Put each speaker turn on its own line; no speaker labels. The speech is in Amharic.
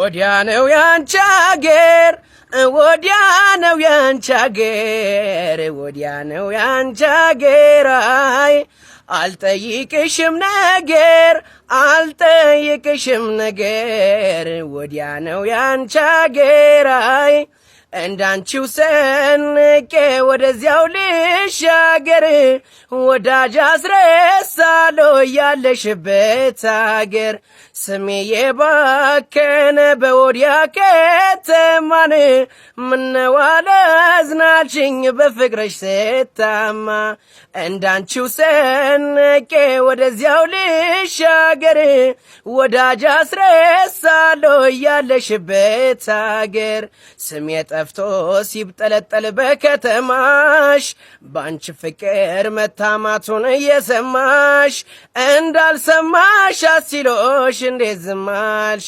ወዲያ ነው ያንቺ አገር ወዲያ ነው ያንቺ አገር ወዲያ ነው ያንቺ አገር አይ አልጠይቅሽም ነገር አልጠይቅሽም ነገር ወዲያ ነው ያንቺ አገር አይ እንዳንቺው ሰንቄ ወደዚያው ልሻገር ወዳጅ አስረሳ አለ ያለሽበት አገር ስሜ የባከነ በወዲያ ከተማን ምነዋለ ዝናችኝ በፍቅረሽ ስታማ እንዳንቺው ሰነቄ ወደዚያው ልሻገር ወዳጅ አስረሳሎ ያለሽበት አገር ስሜ ጠፍቶ ሲብጠለጠል በከተማሽ ባንቺ ፍቅር መታማቱን እየሰማሽ እንዳልሰማሽ አሲሎሽ እንዴት ዝማልሽ